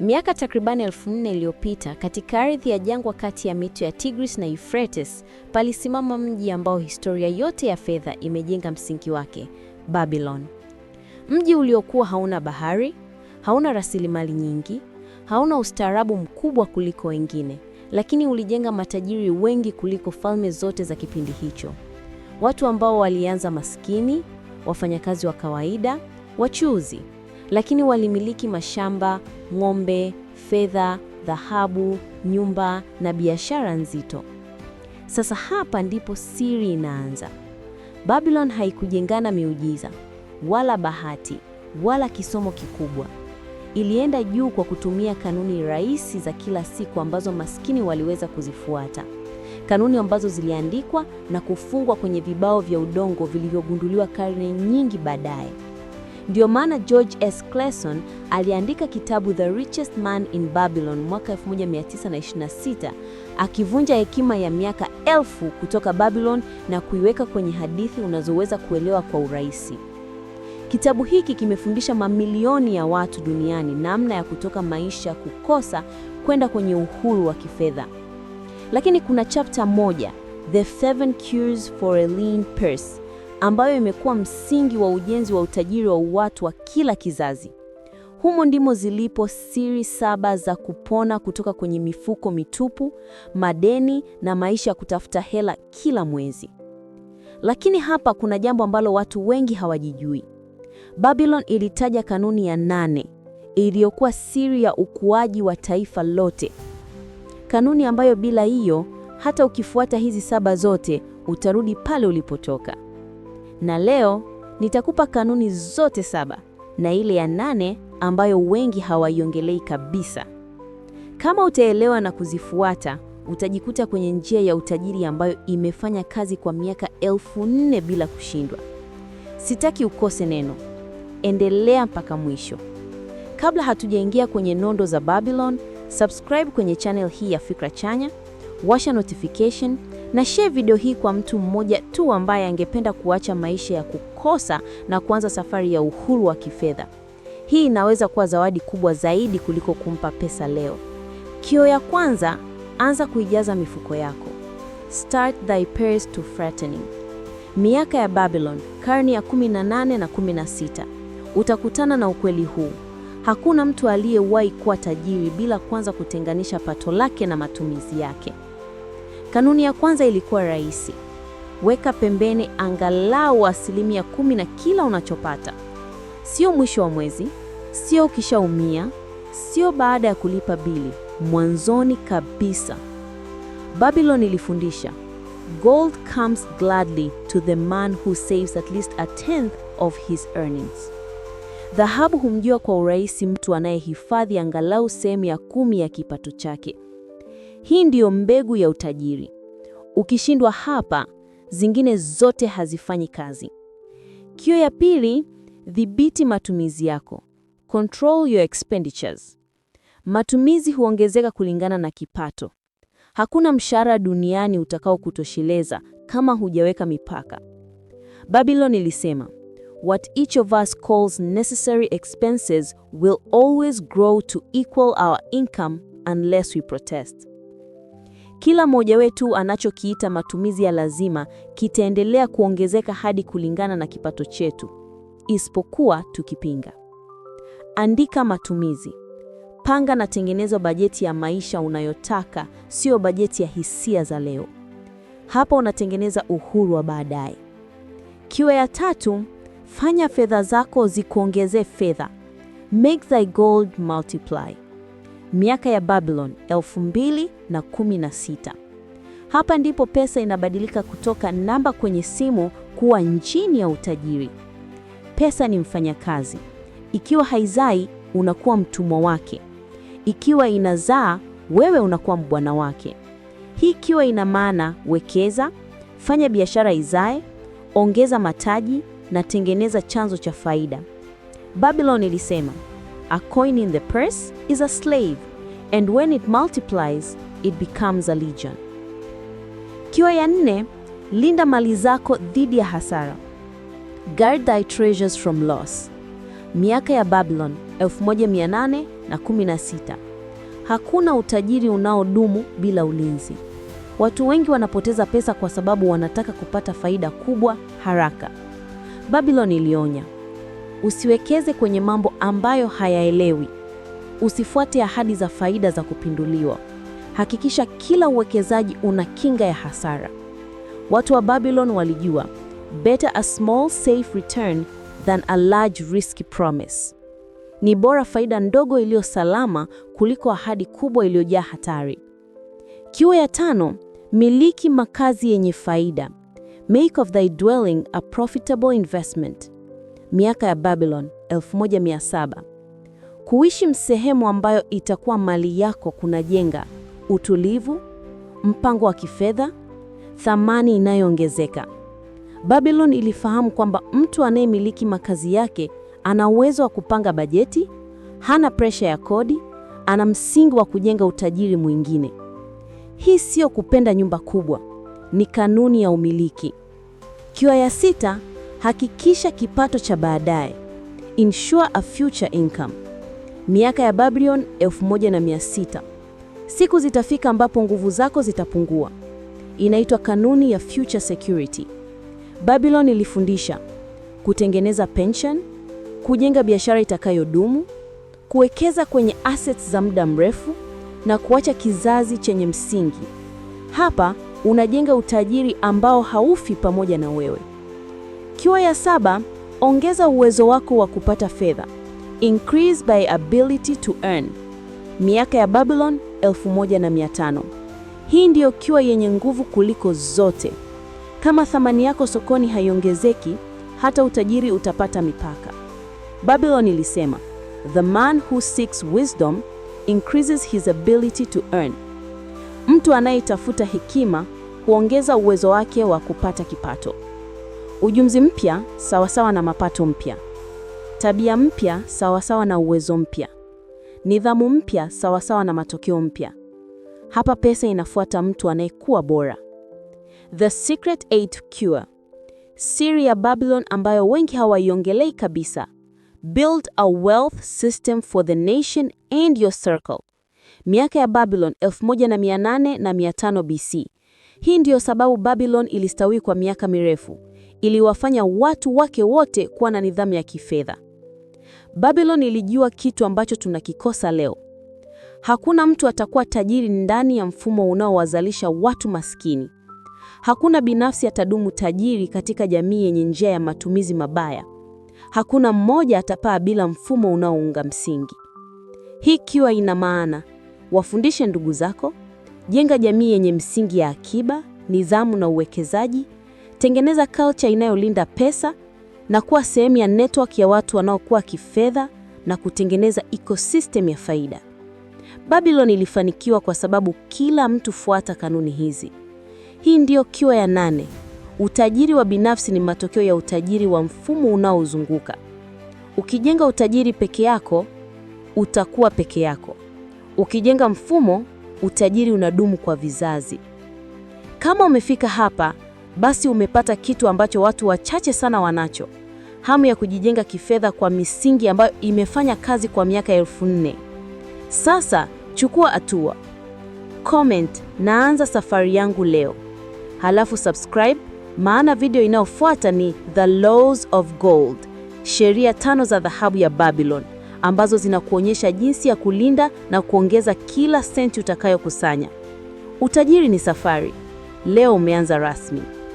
Miaka takribani elfu nne iliyopita katika ardhi ya jangwa kati ya mito ya Tigris na Euphrates palisimama mji ambao historia yote ya fedha imejenga msingi wake, Babylon. Mji uliokuwa hauna bahari, hauna rasilimali nyingi, hauna ustaarabu mkubwa kuliko wengine, lakini ulijenga matajiri wengi kuliko falme zote za kipindi hicho. Watu ambao walianza maskini, wafanyakazi wa kawaida, wachuzi lakini walimiliki mashamba, ng'ombe, fedha, dhahabu, nyumba na biashara nzito. Sasa hapa ndipo siri inaanza. Babylon haikujengana miujiza wala bahati wala kisomo kikubwa. Ilienda juu kwa kutumia kanuni rahisi za kila siku ambazo maskini waliweza kuzifuata, kanuni ambazo ziliandikwa na kufungwa kwenye vibao vya udongo vilivyogunduliwa karne nyingi baadaye ndio maana George S. Clason aliandika kitabu The Richest Man in Babylon mwaka 1926 akivunja hekima ya miaka elfu kutoka Babylon na kuiweka kwenye hadithi unazoweza kuelewa kwa urahisi. Kitabu hiki kimefundisha mamilioni ya watu duniani namna ya kutoka maisha kukosa kwenda kwenye uhuru wa kifedha. Lakini kuna chapter moja, The Seven Cures for a Lean Purse ambayo imekuwa msingi wa ujenzi wa utajiri wa uwatu wa kila kizazi. Humo ndimo zilipo siri saba za kupona kutoka kwenye mifuko mitupu, madeni na maisha ya kutafuta hela kila mwezi. Lakini hapa kuna jambo ambalo watu wengi hawajijui. Babylon ilitaja kanuni ya nane iliyokuwa siri ya ukuaji wa taifa lote, kanuni ambayo bila hiyo hata ukifuata hizi saba zote utarudi pale ulipotoka na leo nitakupa kanuni zote saba na ile ya nane ambayo wengi hawaiongelei kabisa. Kama utaelewa na kuzifuata, utajikuta kwenye njia ya utajiri ambayo imefanya kazi kwa miaka elfu nne bila kushindwa. Sitaki ukose neno, endelea mpaka mwisho. Kabla hatujaingia kwenye nondo za Babylon, subscribe kwenye channel hii ya Fikra Chanya, washa notification na share video hii kwa mtu mmoja tu ambaye angependa kuacha maisha ya kukosa na kuanza safari ya uhuru wa kifedha. Hii inaweza kuwa zawadi kubwa zaidi kuliko kumpa pesa leo. Kio ya kwanza, anza kuijaza mifuko yako. Start thy purse to flattening. Miaka ya Babylon, karne ya 18 na 16, utakutana na ukweli huu. Hakuna mtu aliyewahi kuwa tajiri bila kwanza kutenganisha pato lake na matumizi yake. Kanuni ya kwanza ilikuwa rahisi: weka pembeni angalau asilimia kumi na kila unachopata. Sio mwisho wa mwezi, sio ukishaumia, sio baada ya kulipa bili, mwanzoni kabisa. Babylon ilifundisha gold comes gladly to the man who saves at least a tenth of his earnings. Dhahabu humjua kwa urahisi mtu anayehifadhi angalau sehemu ya kumi ya kipato chake. Hii ndiyo mbegu ya utajiri. Ukishindwa hapa, zingine zote hazifanyi kazi. Kio ya pili, dhibiti matumizi yako. Control your expenditures. Matumizi huongezeka kulingana na kipato. Hakuna mshahara duniani utakaokutosheleza kama hujaweka mipaka. Babylon ilisema, what each of us calls necessary expenses will always grow to equal our income unless we protest. Kila mmoja wetu anachokiita matumizi ya lazima kitaendelea kuongezeka hadi kulingana na kipato chetu, isipokuwa tukipinga. Andika matumizi. Panga na tengeneza bajeti ya maisha unayotaka, sio bajeti ya hisia za leo. Hapa unatengeneza uhuru wa baadaye. Kiwe ya tatu, fanya fedha zako zikuongezee fedha. Make thy gold multiply miaka ya Babylon 2016. Hapa ndipo pesa inabadilika kutoka namba kwenye simu kuwa injini ya utajiri. Pesa ni mfanyakazi. Ikiwa haizai, unakuwa mtumwa wake. Ikiwa inazaa, wewe unakuwa mbwana wake. Hii ikiwa ina maana wekeza, fanya biashara izae, ongeza mataji na tengeneza chanzo cha faida. Babylon ilisema A coin in the purse is a slave, and when it multiplies, it becomes a legion. Kiwa ya nne, linda mali zako dhidi ya hasara. Guard thy treasures from loss. Miaka ya Babylon 1816. Hakuna utajiri unaodumu bila ulinzi. Watu wengi wanapoteza pesa kwa sababu wanataka kupata faida kubwa haraka. Babylon ilionya. Usiwekeze kwenye mambo ambayo hayaelewi. Usifuate ahadi za faida za kupinduliwa. Hakikisha kila uwekezaji una kinga ya hasara. Watu wa Babylon walijua better a small safe return than a large risky promise. Ni bora faida ndogo iliyo salama kuliko ahadi kubwa iliyojaa hatari. kiwa ya tano, miliki makazi yenye faida. Make of thy dwelling a profitable investment miaka ya Babylon 1700. Kuishi msehemu ambayo itakuwa mali yako kunajenga utulivu, mpango wa kifedha, thamani inayoongezeka. Babylon ilifahamu kwamba mtu anayemiliki makazi yake ana uwezo wa kupanga bajeti, hana presha ya kodi, ana msingi wa kujenga utajiri mwingine. Hii siyo kupenda nyumba kubwa, ni kanuni ya umiliki. Kiwa ya sita hakikisha kipato cha baadaye, ensure a future income. Miaka ya Babylon 1600, siku zitafika ambapo nguvu zako zitapungua. Inaitwa kanuni ya future security. Babylon ilifundisha kutengeneza pension, kujenga biashara itakayodumu, kuwekeza kwenye assets za muda mrefu na kuacha kizazi chenye msingi. Hapa unajenga utajiri ambao haufi pamoja na wewe. Ikiwa ya saba, ongeza uwezo wako wa kupata fedha, increase by ability to earn. Miaka ya Babylon 1500. Hii ndiyo kiwa yenye nguvu kuliko zote. Kama thamani yako sokoni haiongezeki, hata utajiri utapata mipaka. Babylon ilisema, the man who seeks wisdom increases his ability to earn. Mtu anayetafuta hekima huongeza uwezo wake wa kupata kipato. Ujuzi mpya sawasawa na mapato mpya, tabia mpya sawasawa na uwezo mpya, nidhamu mpya sawasawa na matokeo mpya. Hapa pesa inafuata mtu anayekuwa bora. The Secret 8 Cure, siri ya Babylon ambayo wengi hawaiongelei kabisa. Build a wealth system for the nation and your circle. Miaka ya Babylon 1800 na 500 BC. Hii ndiyo sababu Babylon ilistawi kwa miaka mirefu iliwafanya watu wake wote kuwa na nidhamu ya kifedha. Babylon ilijua kitu ambacho tunakikosa leo. Hakuna mtu atakuwa tajiri ndani ya mfumo unaowazalisha watu maskini. Hakuna binafsi atadumu tajiri katika jamii yenye njia ya matumizi mabaya. Hakuna mmoja atapaa bila mfumo unaounga msingi. Hii ikiwa ina maana wafundishe ndugu zako, jenga jamii yenye msingi ya akiba, nidhamu na uwekezaji Tengeneza culture inayolinda pesa na kuwa sehemu ya network ya watu wanaokuwa kifedha na kutengeneza ecosystem ya faida. Babylon ilifanikiwa kwa sababu kila mtu fuata kanuni hizi. Hii ndiyo kiwa ya nane. Utajiri wa binafsi ni matokeo ya utajiri wa mfumo unaozunguka. Ukijenga utajiri peke yako, utakuwa peke yako. Ukijenga mfumo, utajiri unadumu kwa vizazi. Kama umefika hapa, basi umepata kitu ambacho watu wachache sana wanacho, hamu ya kujijenga kifedha kwa misingi ambayo imefanya kazi kwa miaka elfu nne. Sasa chukua hatua, comment naanza safari yangu leo, halafu subscribe, maana video inayofuata ni The Laws of Gold, sheria tano za dhahabu ya Babylon ambazo zinakuonyesha jinsi ya kulinda na kuongeza kila senti utakayokusanya. Utajiri ni safari. Leo umeanza rasmi.